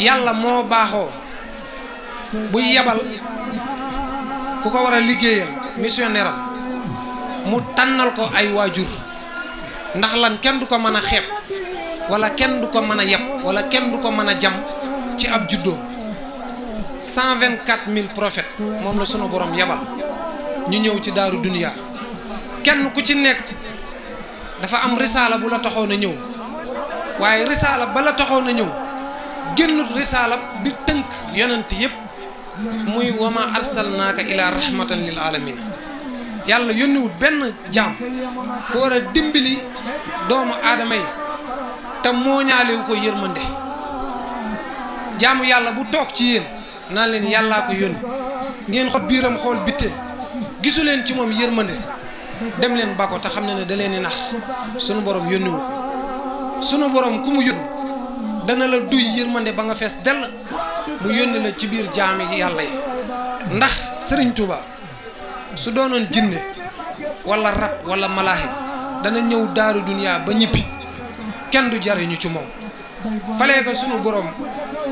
yàlla moo baaxoo buy yebal ku ko war a mission missionnaire mu tànnal ko ay waajur ndax lan kenn du ko mën a xeeb wala kenn du ko mën a yeb wala kenn du ko mën a jam ci ab juddoo cent vingt quatre mille prophètes moom la sunu borom yebal ñu ñëw ci daaru duniya kenn ku ci nekk dafa am risaala bu la taxoon a ñëw waaye risaala ba la taxoon ñëw génnut risaalam bi tënk yonent yëpp muy wama arsalnaaka ilaa rahmatan lil yàlla yónniwut benn jaam ku war a dimbali doomu aadama yi te mooñaalewu ko yërmande jaamu yàlla bu toog ci yéen naan leen yàllaa ko yónni ngeen xool biiram xool bitteen gisu leen ci moom yërmande dem leen ba ko te xam ne ne da leen di nax sunu borom yónniwu sunu borom ku mu yónni dana la duy yermande ba nga fess del mu yónni la ci biir jaami yalla yi ndax serigne Touba su donon jinne wala rap wala malaahik dana ñew daaru dunya ba ñibbi kenn du jariñu ci mom falé ko suñu borom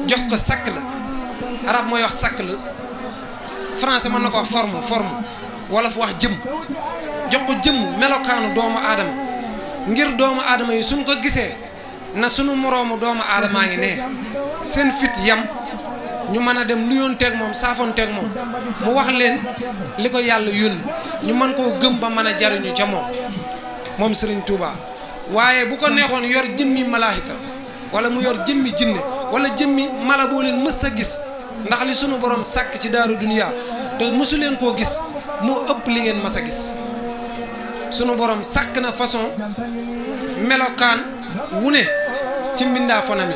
jox ko sak la arab moy wax sak la français man nako ko form wala fu wax jëm jox ko jëm melokanu doomu adam ngir doomu adam yi suñ ko gisee na sunu moroomu doomu aadamaa ngi ne seen fit yam ñu mën a dem nuyoon moom saafoon teeg moom mu wax leen li ko yàlla yónni ñu mën koo gëm ba mën a jariñu ca moom moom Serigne Touba waaye bu ko neexoon yor jëmmi malaayika wala mu yor jëmmi jinne wala jëmmi mala boo leen mës a gis ndax li sunu borom sàkk ci daaru duniyaa te mësu leen koo gis moo ëpp li ngeen mas a gis sunu borom sàkk na façon melokaan wu ne ci mbindaa fonam